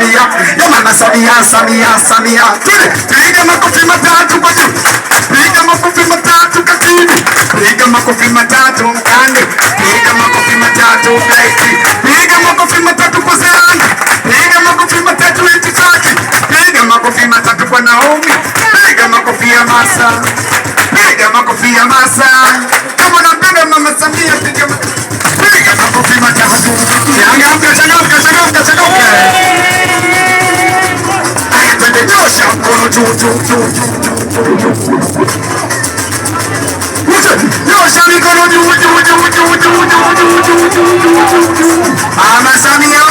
Samia, jamani Samia, Samia, Samia, piga makofi matatu kwa juu, piga makofi matatu katili, piga makofi matatu mkande, piga makofi matatu kaiti I'm a Sammy.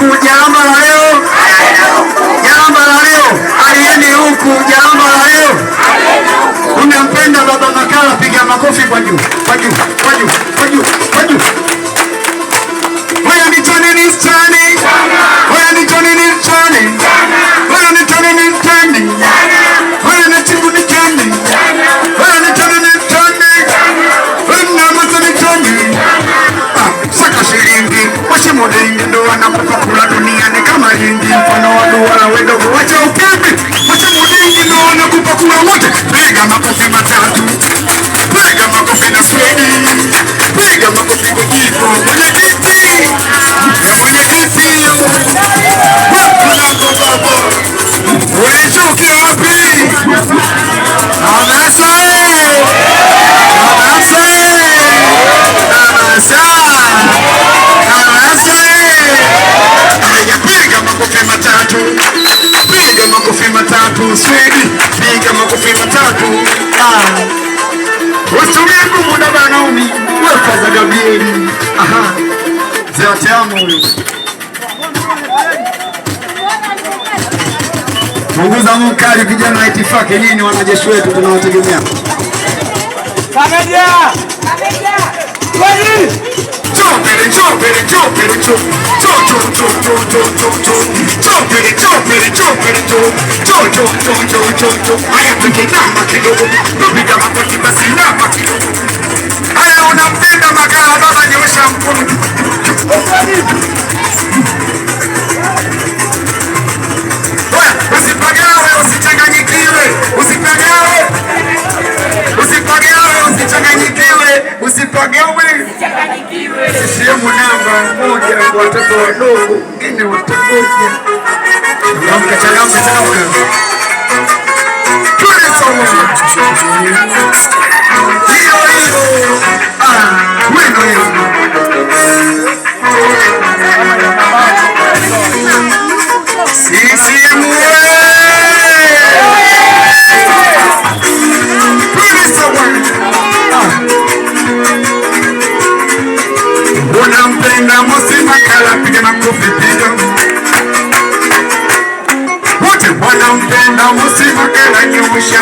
huku, jambo la leo, jambo la leo, aliende huku, jambo la leo. Unampenda Baba Makala, piga makofi kwa juu, kwa juu, kwa juu. Yeni. Aha. mkali vijana wa itifaki nini, wanajeshi wetu tunawategemea unampenda Makala, baba nyosha mkono. Usipagawe, usichanganyikiwe, usipagawe, usipagawe, usichanganyikiwe, usipagawe, sisiemu namba moja kwa watoto wadogo, wengine watakuja. Changamka, changamka, changamka. unampenda usimweke najiusha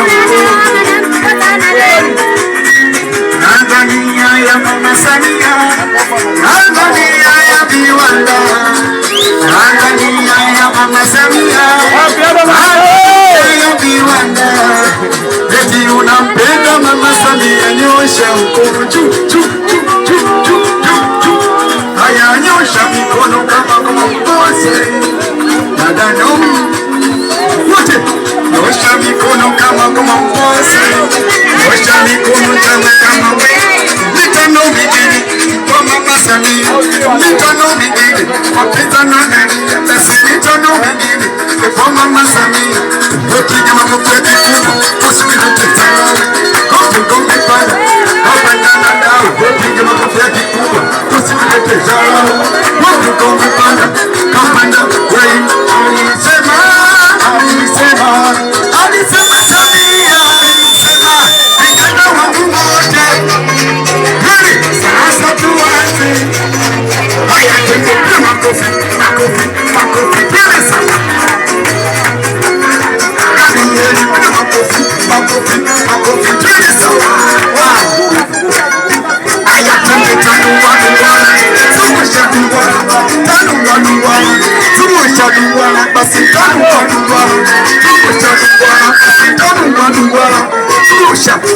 Tanzania ya mama Samia, Tanzania ya viwanda, Tanzania ya mama Samia, Tanzania ya viwanda. Eti unampenda mama Samia, nyosha huko juu juu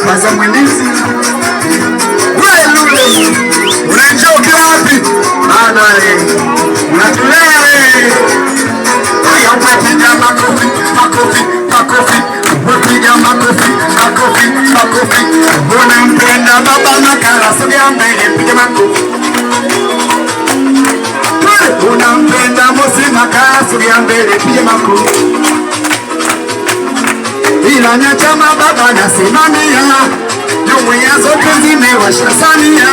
Mas a mulher makasi ya mbele pia makuu ila nyachama baba nasimamia jumuiya zote zimewasha samia